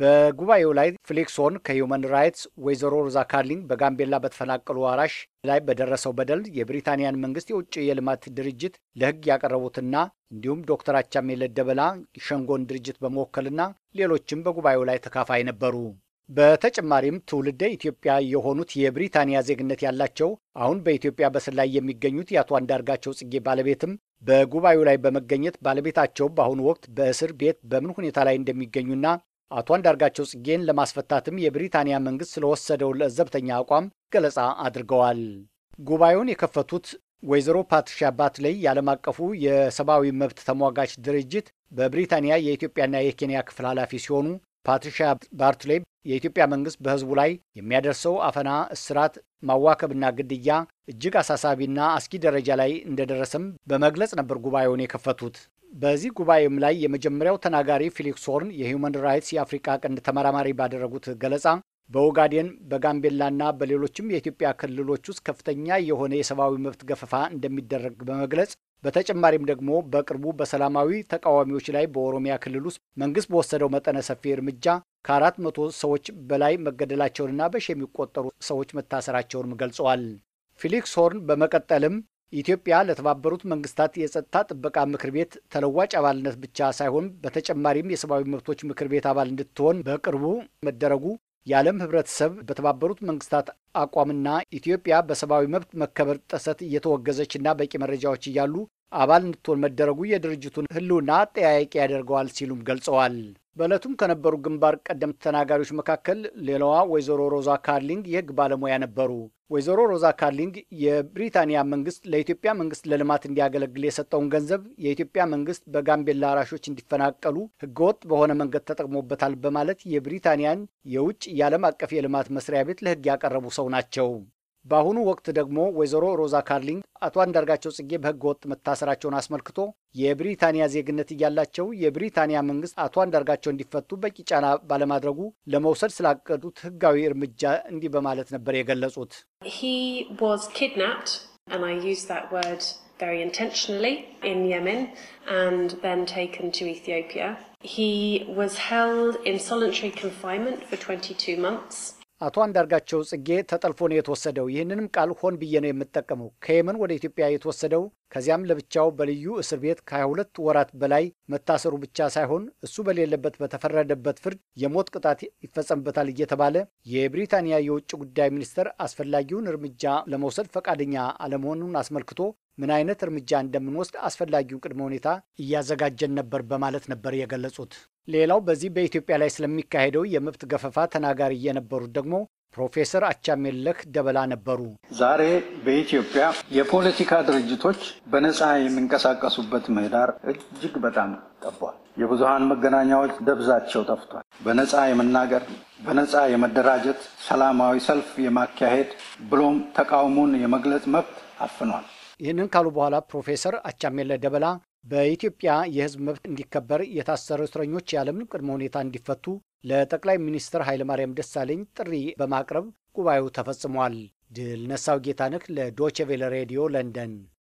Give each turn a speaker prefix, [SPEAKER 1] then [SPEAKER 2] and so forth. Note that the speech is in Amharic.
[SPEAKER 1] በጉባኤው ላይ ፍሌክሶን ከሂውማን ራይትስ ወይዘሮ ሮዛ ካርሊንግ በጋምቤላ በተፈናቀሉ አራሽ ላይ በደረሰው በደል የብሪታንያን መንግስት የውጭ የልማት ድርጅት ለህግ ያቀረቡትና እንዲሁም ዶክተር አቻሜለ ደበላ ሸንጎን ድርጅት በመወከልና ሌሎችም በጉባኤው ላይ ተካፋይ ነበሩ። በተጨማሪም ትውልደ ኢትዮጵያ የሆኑት የብሪታንያ ዜግነት ያላቸው አሁን በኢትዮጵያ በስር ላይ የሚገኙት የአቶ አንዳርጋቸው ጽጌ ባለቤትም በጉባኤው ላይ በመገኘት ባለቤታቸው በአሁኑ ወቅት በእስር ቤት በምን ሁኔታ ላይ እንደሚገኙና አቶ አንዳርጋቸው ጽጌን ለማስፈታትም የብሪታንያ መንግሥት ስለወሰደው ለዘብተኛ አቋም ገለጻ አድርገዋል። ጉባኤውን የከፈቱት ወይዘሮ ፓትሪሺያ ላይ የዓለም አቀፉ የሰብአዊ መብት ተሟጋች ድርጅት በብሪታንያ የኢትዮጵያና የኬንያ ክፍል ኃላፊ ሲሆኑ ፓትሪሻ ባርትሌይ የኢትዮጵያ መንግስት በህዝቡ ላይ የሚያደርሰው አፈና፣ እስራት፣ ማዋከብና ግድያ እጅግ አሳሳቢና አስጊ ደረጃ ላይ እንደደረሰም በመግለጽ ነበር ጉባኤውን የከፈቱት። በዚህ ጉባኤም ላይ የመጀመሪያው ተናጋሪ ፊሊክስ ሆርን የሂውማን ራይትስ የአፍሪካ ቀንድ ተመራማሪ ባደረጉት ገለጻ በኦጋዴን በጋምቤላና በሌሎችም የኢትዮጵያ ክልሎች ውስጥ ከፍተኛ የሆነ የሰብአዊ መብት ገፈፋ እንደሚደረግ በመግለጽ በተጨማሪም ደግሞ በቅርቡ በሰላማዊ ተቃዋሚዎች ላይ በኦሮሚያ ክልል ውስጥ መንግስት በወሰደው መጠነ ሰፊ እርምጃ ከአራት መቶ ሰዎች በላይ መገደላቸውንና በሺ የሚቆጠሩ ሰዎች መታሰራቸውንም ገልጸዋል። ፊሊክስ ሆርን በመቀጠልም ኢትዮጵያ ለተባበሩት መንግስታት የጸጥታ ጥበቃ ምክር ቤት ተለዋጭ አባልነት ብቻ ሳይሆን በተጨማሪም የሰብአዊ መብቶች ምክር ቤት አባል እንድትሆን በቅርቡ መደረጉ የዓለም ህብረተሰብ በተባበሩት መንግስታት አቋምና ኢትዮጵያ በሰብአዊ መብት መከበር ጥሰት እየተወገዘችና በቂ መረጃዎች እያሉ አባል እንድትሆን መደረጉ የድርጅቱን ህልውና አጠያያቂ ያደርገዋል ሲሉም ገልጸዋል። በዕለቱም ከነበሩ ግንባር ቀደምት ተናጋሪዎች መካከል ሌላዋ ወይዘሮ ሮዛ ካርሊንግ የህግ ባለሙያ ነበሩ። ወይዘሮ ሮዛ ካርሊንግ የብሪታንያ መንግስት ለኢትዮጵያ መንግስት ለልማት እንዲያገለግል የሰጠውን ገንዘብ የኢትዮጵያ መንግስት በጋምቤላ አራሾች እንዲፈናቀሉ ህገወጥ በሆነ መንገድ ተጠቅሞበታል በማለት የብሪታንያን የውጭ የዓለም አቀፍ የልማት መስሪያ ቤት ለህግ ያቀረቡ ሰው ናቸው። በአሁኑ ወቅት ደግሞ ወይዘሮ ሮዛ ካርሊንግ አቶ አንዳርጋቸው ጽጌ በህገ ወጥ መታሰራቸውን አስመልክቶ የብሪታንያ ዜግነት እያላቸው የብሪታንያ መንግስት አቶ አንዳርጋቸው እንዲፈቱ በቂ ጫና ባለማድረጉ ለመውሰድ ስላቀዱት ህጋዊ እርምጃ እንዲህ በማለት ነበር የገለጹት። ሂ ዋዝ ሄልድ ኢን ሶሊተሪ ኮንፋይንመንት ፎር 22 ማንትስ አቶ አንዳርጋቸው ጽጌ ተጠልፎ ነው የተወሰደው። ይህንንም ቃል ሆን ብዬ ነው የምጠቀመው። ከየመን ወደ ኢትዮጵያ የተወሰደው ከዚያም ለብቻው በልዩ እስር ቤት ከ22 ወራት በላይ መታሰሩ ብቻ ሳይሆን እሱ በሌለበት በተፈረደበት ፍርድ የሞት ቅጣት ይፈጸምበታል እየተባለ የብሪታንያ የውጭ ጉዳይ ሚኒስትር አስፈላጊውን እርምጃ ለመውሰድ ፈቃደኛ አለመሆኑን አስመልክቶ ምን አይነት እርምጃ እንደምንወስድ አስፈላጊውን ቅድመ ሁኔታ እያዘጋጀን ነበር በማለት ነበር የገለጹት። ሌላው በዚህ በኢትዮጵያ ላይ ስለሚካሄደው የመብት ገፈፋ ተናጋሪ የነበሩት ደግሞ ፕሮፌሰር አቻሜለክ ደበላ ነበሩ። ዛሬ በኢትዮጵያ የፖለቲካ ድርጅቶች በነፃ የሚንቀሳቀሱበት ምህዳር እጅግ በጣም ጠቧል። የብዙሃን መገናኛዎች ደብዛቸው ጠፍቷል። በነፃ የመናገር፣ በነፃ የመደራጀት፣ ሰላማዊ ሰልፍ የማካሄድ ብሎም ተቃውሞን የመግለጽ መብት አፍኗል። ይህንን ካሉ በኋላ ፕሮፌሰር አቻሜለ ደበላ በኢትዮጵያ የህዝብ መብት እንዲከበር የታሰሩ እስረኞች ያለምንም ቅድመ ሁኔታ እንዲፈቱ ለጠቅላይ ሚኒስትር ኃይለማርያም ደሳለኝ ጥሪ በማቅረብ ጉባኤው ተፈጽሟል። ድል ነሳው ጌታነህ ለዶቼ ቬለ ሬዲዮ ለንደን